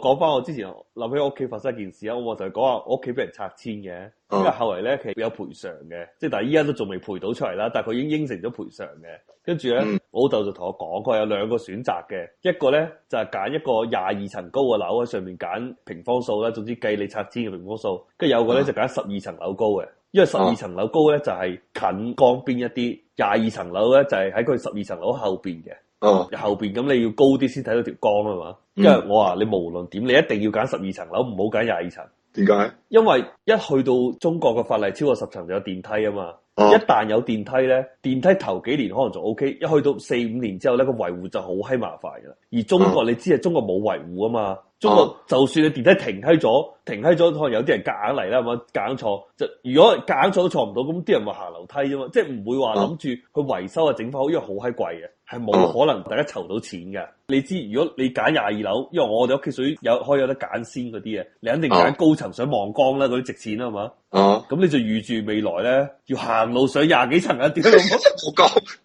講翻我之前諗起屋企發生一件事啊，我就係講話我屋企俾人拆遷嘅，因為後嚟咧其實有賠償嘅，即係但係依家都仲未賠到出嚟啦，但係佢已經應承咗賠償嘅。呢爸爸跟住咧，我老豆就同我講，佢有兩個選擇嘅，一個咧就係、是、揀一個廿二層高嘅樓喺上面揀平方數啦，總之計你拆遷嘅平方數。跟住有個咧就揀十二層樓高嘅，因為十二層樓高咧就係、是、近江邊一啲，廿二層樓咧就係喺佢十二層樓後邊嘅。哦，uh huh. 後邊，咁你要高啲先睇到條江啊嘛，因為我話你無論點，你一定要揀十二層樓，唔好揀廿二層。點解？因為一去到中國嘅法例超過十層就有電梯啊嘛，uh huh. 一旦有電梯呢，電梯頭幾年可能就 OK，一去到四五年之後呢，個維護就好閪麻煩噶啦。而中國、uh huh. 你知係，中國冇維護啊嘛。中國就算你電梯停低咗，停低咗，可能有啲人夾硬嚟啦，係嘛？夾硬坐，就如果夾硬坐都坐唔到，咁啲人話行樓梯啫嘛，即係唔會話諗住佢維修啊整翻好，因為好閪貴嘅，係冇可能大家籌到錢嘅。你知，如果你揀廿二樓，因為我哋屋企屬於可有可以有得揀先嗰啲啊，你肯定揀高層想望江啦，嗰啲值錢啦，係嘛？哦，咁你就預住未來咧要行路上廿幾層啊，屌你老母！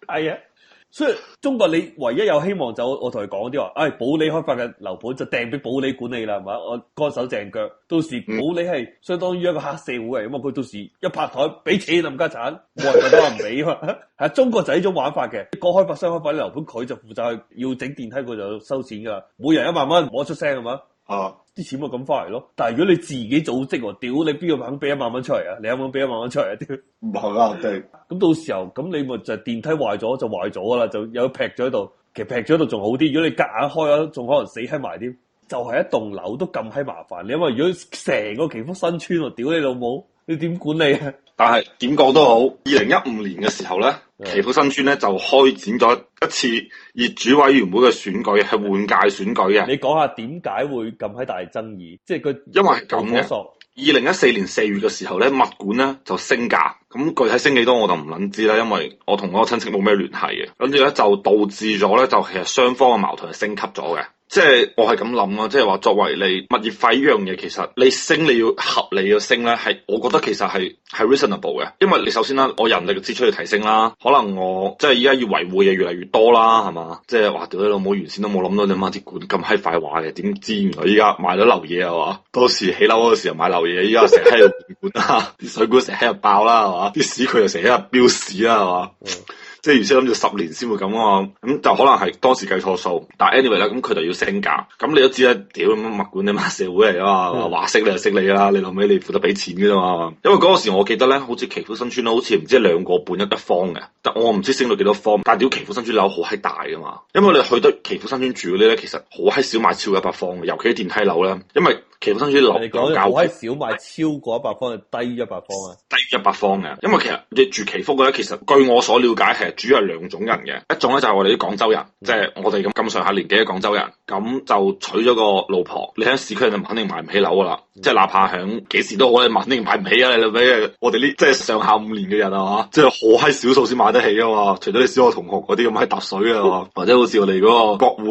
我係啊。所以中國你唯一有希望就我同你講啲話，唉、哎，保利開發嘅樓盤就訂俾保利管理啦，係嘛？我乾手淨腳，到時、嗯、保利係相當於一個黑社會嚟，咁啊佢到時一拍台俾錢林嘉產，冇人覺得話唔俾。係中國就係呢種玩法嘅，個開發商開發嘅樓盤，佢就負責要整電梯，佢就收錢㗎，每人一萬蚊，我出聲係嘛？啊！啲錢咪咁翻嚟咯。但係如果你自己組織，我屌你邊個肯俾一萬蚊出嚟啊？你有冇肯俾一萬蚊出嚟啊？屌唔肯，肯啊！對 咁到時候，咁你咪就電梯壞咗就壞咗噶啦，就又劈咗喺度。其實劈咗喺度仲好啲，如果你夾硬開咗，仲可能死喺埋添。就係、是、一棟樓都咁閪麻煩。你、啊、因為如果成個祈福新村，我屌你老母，你點管理啊？但係點講都好，二零一五年嘅時候咧。祈福新邨咧就開展咗一次業主委員會嘅選舉，係換屆選舉嘅。你講下點解會咁喺大爭議？即係佢因為咁，二零一四年四月嘅時候咧，物管咧就升價，咁具體升幾多我就唔捻知啦，因為我同我個親戚冇咩聯繫嘅。跟住咧就導致咗咧，就其實雙方嘅矛盾係升級咗嘅。即係我係咁諗咯，即係話作為你物業費呢樣嘢，其實你升你要合理嘅升咧，係我覺得其實係係 reasonable 嘅，因為你首先啦，我人力嘅支出要提升啦，可能我即係依家要維護嘅嘢越嚟越多啦，係嘛？即係話屌你老母，原先都冇諗到你媽啲管咁閪快話嘅，點知原來我依家買咗流嘢係嘛？到時起樓嗰個時候買流嘢，依家成日喺度管啊，啲 水管成日喺度爆啦，係嘛？啲屎佢又成日喺度飆屎啦，係嘛？ 即係原先諗住十年先會咁啊，咁就可能係當時計錯數。但係 anyway 啦，咁佢就要升價。咁你都知啦，屌物管啲嘛，社會嚟啊嘛，嗯、話識你就識你啊。你後屘你負得俾錢嘅啫嘛。因為嗰個時我記得咧，好似祈福新村好似唔知兩個半一得方嘅。但我唔知升到幾多方。但係屌祈福新村樓好閪大嘅嘛。因為你去到祈福新村住嗰啲咧，其實好閪少買超過一百方嘅，尤其啲電梯樓咧。因為祈福新村啲樓比較好閪少買超過一百方，係低於一百方啊。低於一百方嘅，因為其實你住祈福嘅咧，其實據我所了解係。主要係兩種人嘅，一種咧就係我哋啲廣州人，即係我哋咁咁上下年紀嘅廣州人，咁就娶咗個老婆，你喺市區就肯定買唔起樓噶啦，即係哪怕響幾時都我哋肯定買唔起啊！你咪，我哋呢即係上下五年嘅人啊，即係好閪少數先買得起啊嘛，除咗你小學同學嗰啲要買揼水啊，或者好似我哋嗰個國會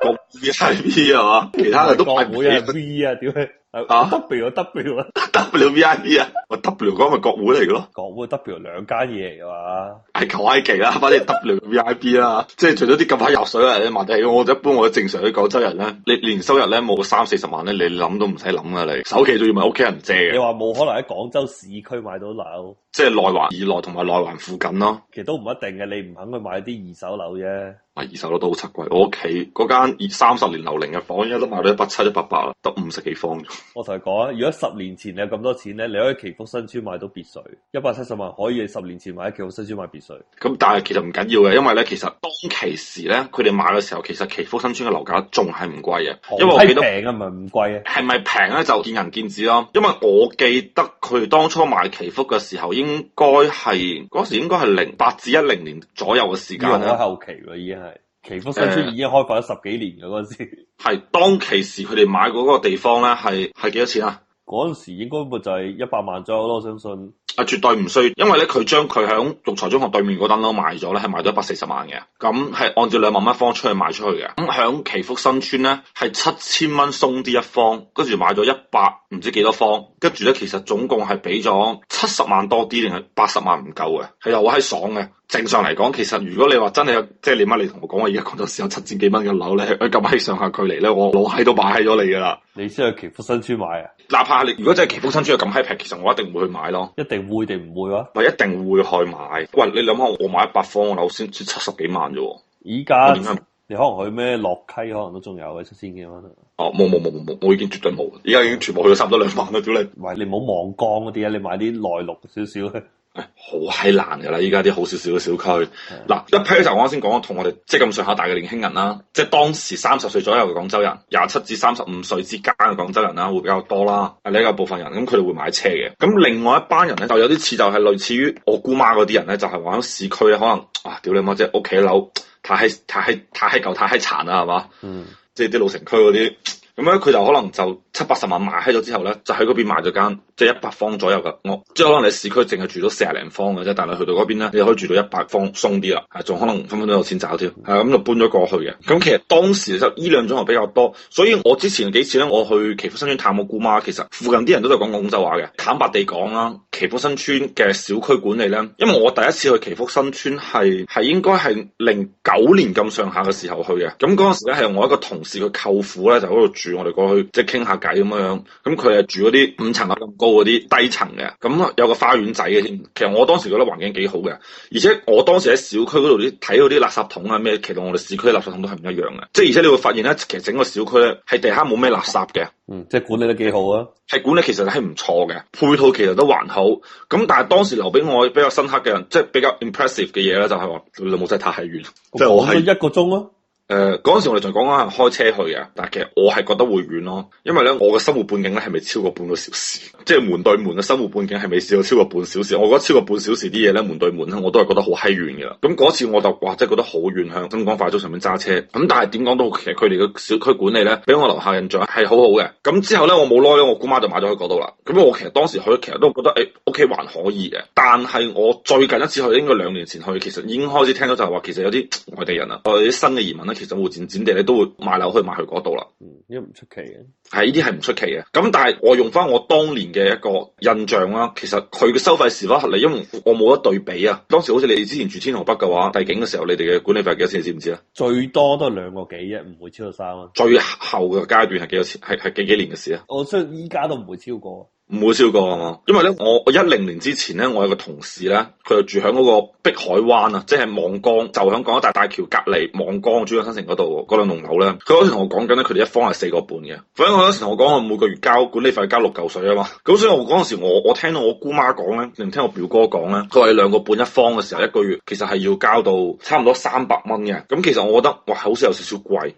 國 VIP 啊，其他嘅都買唔起啊！屌 啊！W W 啊 W V I P 啊！我 W 講咪國會嚟嘅咯，國會 W 兩間嘢嚟嘛，係求 I 期啦，反正 W V I P 啦，即係除咗啲咁快入水啊，麻麻地，我一般我正常去廣州人咧，你年收入咧冇三四十萬咧，你諗都唔使諗啊！你首期仲要問屋企人借嘅，你話冇可能喺廣州市區買到樓，即係內環以內同埋內環附近咯，啊，其實都唔一定嘅，你唔肯去買啲二手樓啫。二手樓都好七貴，我屋企嗰間三十年樓齡嘅房，而家都賣到一百七、一百八啦，得五十幾方。我同你講啊，如果十年前你有咁多錢咧，你可以祈福新村買到別墅，一百七十萬可以十年前買一祈福新村買別墅。咁但係其實唔緊要嘅，因為咧，其實當其時咧，佢哋買嘅時候，其實祈福新村嘅樓價仲係唔貴嘅。係平嘅，唔係咁貴啊？係咪平咧？就見仁見智咯，啊。因為我記得佢當初買祈福嘅時候，應該係嗰時應該係零八至一零年左右嘅時間啦。後期啦，已經係。祈福新邨已經開發咗十幾年嘅嗰陣時，係當其時佢哋買嗰個地方咧，係係幾多錢啊？嗰陣時應該咪就係一百萬左咯，我相信。啊，絕對唔衰，因為咧佢將佢響育才中學對面嗰單樓賣咗咧，係賣咗一百四十萬嘅。咁係按照兩萬蚊一方出去賣出去嘅。咁響祈福新邨咧係七千蚊鬆啲一方，跟住買咗一百唔知幾多方，跟住咧，其實總共係俾咗七十萬多啲定係八十萬唔夠嘅，係啊，我係爽嘅。正常嚟講，其實如果你話真係即係你媽你同我講，我而家講到時有七千幾蚊嘅樓咧，咁喺上下距離咧，我攞喺度買咗你噶啦。你先去祈福新邨買啊？哪怕你如果真係祈福新邨係咁嗨平，其實我一定唔會去買咯。一定會定唔會啊？咪一定會去買。喂，你諗下，我買一百方嘅樓先先七十幾萬啫。依家在。你可能去咩洛溪，可能都仲有嘅，七千幾蚊。哦、啊，冇冇冇冇冇，我已經絕對冇。依家已經全部去到差唔多兩萬啦，屌 你！唔係你唔好望江嗰啲啊，你買啲內陸少少嘅。哎、好閪難嘅啦，依家啲好少少嘅小區。嗱的一批就我啱先講啊，同我哋即係咁上下大嘅年輕人啦，即係當時三十歲左右嘅廣州人，廿七至三十五歲之間嘅廣州人啦，會比較多啦。係呢個部分人咁，佢哋會買車嘅。咁另外一班人咧，就有啲似就係類似於我姑媽嗰啲人咧，就係、是、玩市區，可能啊，屌你媽即係，屋企樓。太係太係太舊太殘啦，係嘛？嗯，即係啲老城區嗰啲，咁咧佢就可能就七八十萬賣起咗之後咧，就喺嗰邊買咗間即係一百方左右嘅屋，即係可能你市區淨係住咗四十零方嘅啫，但係去到嗰邊咧，你可以住到一百方，鬆啲啦，仲可能分分鐘有錢找添，係咁就搬咗過去嘅。咁其實當時就呢兩種係比較多，所以我之前幾次咧，我去祈福新村探，探我姑媽，其實附近啲人都係講廣州話嘅，坦白地講啦。祈福新邨嘅小區管理咧，因為我第一次去祈福新邨係係應該係零九年咁上下嘅時候去嘅，咁嗰陣時咧係我一個同事嘅舅父咧就喺度住，我哋過去即係傾下偈咁樣樣，咁佢係住嗰啲五層樓咁高嗰啲低層嘅，咁有個花園仔嘅添。其實我當時覺得環境幾好嘅，而且我當時喺小區嗰度啲睇嗰啲垃圾桶啊咩，其實我哋市區嘅垃圾桶都係唔一樣嘅，即係而且你會發現咧，其實整個小區咧係地下冇咩垃圾嘅。嗯，即係管理得幾好啊，係管理其實係唔錯嘅，配套其實都還好，咁但係當時留俾我比較深刻嘅，即係比較 impressive 嘅嘢咧，就係話你老母真係太遠，即係我係一個鐘咯啊。誒嗰陣時我哋就講緊係開車去嘅，但係其實我係覺得會遠咯，因為咧我嘅生活半徑咧係咪超過半個小時？即係門對門嘅生活半徑係咪試過超過半小時？我覺得超過半小時啲嘢咧門對門咧我都係覺得好閪遠嘅啦。咁嗰次我就哇即係覺得好遠，向東江快速上面揸車。咁但係點講都其實佢哋嘅小區管理咧，俾我留下印象係好好嘅。咁之後咧我冇耐咧，我姑媽就買咗去嗰度啦。咁我其實當時去其實都覺得誒屋企還可以嘅，但係我最近一次去應該兩年前去，其實已經開始聽到就係話其實有啲外地人啊，或者新嘅移民咧。其實會漸漸地你都會賣樓去賣去嗰度啦，嗯，一唔出奇嘅，係呢啲係唔出奇嘅。咁但係我用翻我當年嘅一個印象啦，其實佢嘅收費是否合理？因為我冇得對比啊。當時好似你哋之前住天河北嘅話，帝景嘅時候，你哋嘅管理費幾多錢？你知唔知啊？最多都係兩個幾，一唔會超過三咯、啊。最後嘅階段係幾多錢？係係幾幾年嘅事啊？我即係依家都唔會超過。唔會超過啊嘛，因為咧，我我一零年之前咧，我有個同事咧，佢就住喺嗰個碧海灣啊，即係望江，就喺廣州大大橋隔離望江珠江新城嗰度嗰兩棟樓咧。佢嗰時同我講緊咧，佢哋、嗯、一方係四個半嘅。反正我嗰時同我講，我每個月交管理費交六嚿水啊嘛。咁所以我嗰陣時我，我我聽到我姑媽講咧，你唔聽我表哥講咧，佢話兩個半一方嘅時候，一個月其實係要交到差唔多三百蚊嘅。咁其實我覺得，哇，好似有少少貴。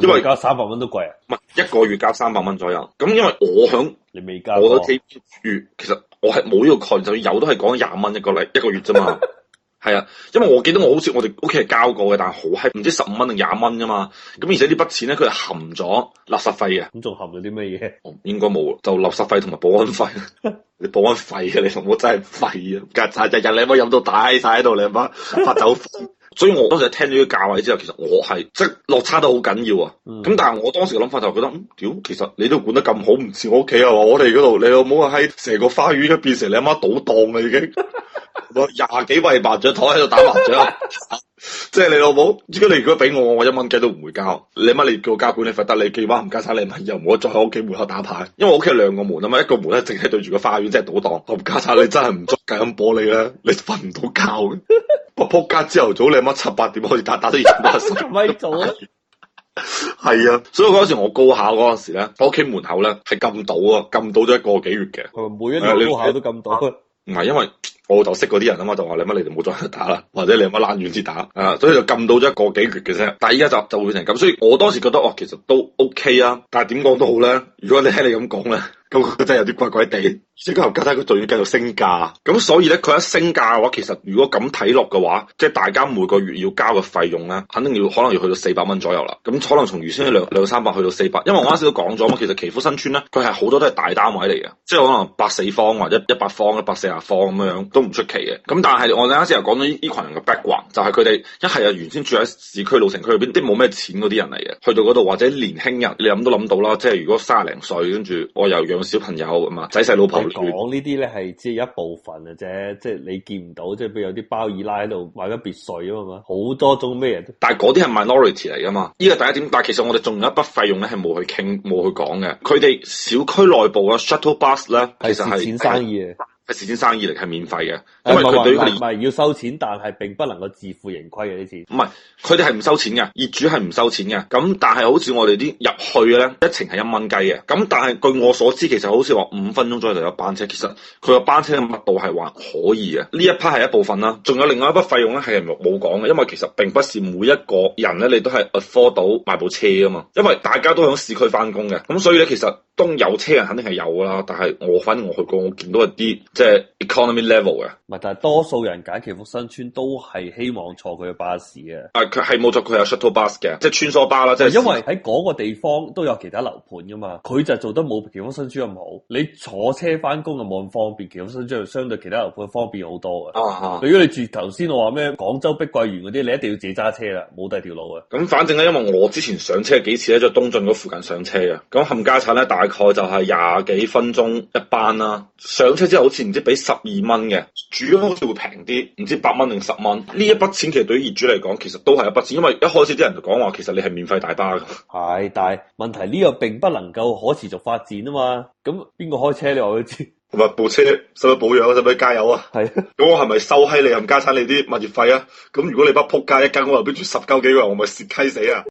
因為而家三百蚊都貴啊，唔係一個月交三百蚊左右，咁因為我響，你未交，我幾月，其實我係冇呢個概念，就算有都係講廿蚊一個禮一個月啫嘛，係啊， 因為我記得我好似我哋屋企係交過嘅，但係好閪，唔知十五蚊定廿蚊啫嘛，咁而且呢筆錢咧佢係含咗垃圾費啊，咁仲含咗啲咩嘢？應該冇，就垃圾費同埋保安費， 你保安費啊，你同我真係廢啊，日日日你咪飲到大晒喺度，你唔好發酒 所以我當時聽咗個價位之後，其實我係即係落差得好緊要啊！咁但係我當時嘅諗法就係覺得，屌，嗯，其實你都管得咁好，唔似我屋企啊！我哋嗰度，你老母啊，喺成個花園都變成你阿媽賭檔嘅已經，哇，廿幾位麻雀台喺度打麻雀，即係 你老母，如果你如果俾我，我一蚊雞都唔會交。你媽你叫我交管理費得，你寄彎冚家鏟你咪又唔好再喺屋企門口打牌，因為我屋企兩個門啊嘛，一個門咧淨係對住個花園，即係賭檔，冚家鏟你真係唔做隔音玻璃啦，你瞓唔到覺。我仆街，朝頭早你阿媽七八點開始打，打到二十八點。唔可以做啊！係啊，所以嗰陣時我高考嗰陣時咧，我屋企門口咧係禁賭啊，禁賭咗一個幾月嘅。係每一年你高考都禁賭。唔係、哎、 因為。我老豆識嗰啲人啊嘛，就話你乜你哋冇再打啦，或者你乜躝遠先打啊，所以就禁到咗一個幾月嘅啫。但係依家就就會成咁，所以我當時覺得哦，其實都 OK 啊。但係點講都好咧，如果你聽你咁講咧，咁真係有啲怪怪地。即係後家底佢仲要繼續升價，咁所以咧佢一升價嘅話，其實如果咁睇落嘅話，即係大家每個月要交嘅費用咧，肯定要可能要去到四百蚊左右啦。咁可能從原先兩兩三百去到四百，因為我啱先都講咗嘛，其實祈福新邨咧，佢係好多都係大單位嚟嘅，即係可能百四方或者一百方、一百四啊方咁樣樣。都唔出奇嘅，咁但係我哋啱先又講到呢群人嘅 background，就係佢哋一係啊原先住喺市區老城區入邊，啲冇咩錢嗰啲人嚟嘅，去到嗰度或者年輕人，你諗都諗到啦，即係如果卅零歲跟住我又養小朋友咁嘛，仔細老婆，講呢啲咧係即係一部分嘅啫，即係你見唔到，即係譬如有啲包二奶喺度買緊別墅啊嘛，好多都咩，但係嗰啲係 minority 嚟噶嘛，呢個第一點，但係其實我哋仲有一筆費用咧係冇去傾冇去講嘅，佢哋小區內部嘅 shuttle bus 咧，其實係蝕錢生意。係事先生意嚟，係免費嘅，哎，因為佢對於佢哋唔係要收錢，但係並不能夠自負盈虧嘅呢次。唔係，佢哋係唔收錢嘅，業主係唔收錢嘅。咁但係好似我哋啲入去嘅咧，一程係一蚊雞嘅。咁但係據我所知，其實好似話五分鐘左右就有班車。其實佢個班車嘅密度係還可以嘅。呢一 part 係一部分啦，仲有另外一筆費用咧係冇講嘅，因為其實並不是每一個人咧你都係 afford 到買部車啊嘛。因為大家都喺市區翻工嘅，咁所以咧其實。當有車人肯定係有噶啦，但係我反正我去過，我見到一啲即係 economy level 嘅。唔係，但係多數人揀祈福新村都係希望坐佢嘅巴士嘅。誒、啊，佢係冇錯，佢有 shuttle bus 嘅，即係穿梭巴啦。即、就、係、是、因為喺嗰個地方都有其他樓盤噶嘛，佢就做得冇祈福新村咁好。你坐車翻工就冇咁方便，祈福新村就相對其他樓盤方便好多嘅。啊哈如果你住頭先我話咩廣州碧桂園嗰啲，你一定要自己揸車啦，冇第二條路嘅。咁反正咧，因為我之前上車幾次咧，在東進嗰附近上車嘅。咁冚家產咧，但大概就係廿幾分鐘一班啦、啊，上車之後好似唔知俾十二蚊嘅，主咁好似會平啲，唔知八蚊定十蚊。呢一筆錢其實對於業主嚟講，其實都係一筆錢，因為一開始啲人就講話，其實你係免費大巴噶。係，但係問題呢、這個並不能夠可持續發展啊嘛。咁邊個開車你話都知，同埋部車使唔使保養，使唔使加油啊？係 的。咁我係咪收閪你，唔加產你啲物業費啊？咁如果你不扑街一間，我又俾住十九幾個人，我咪蝕閪死啊！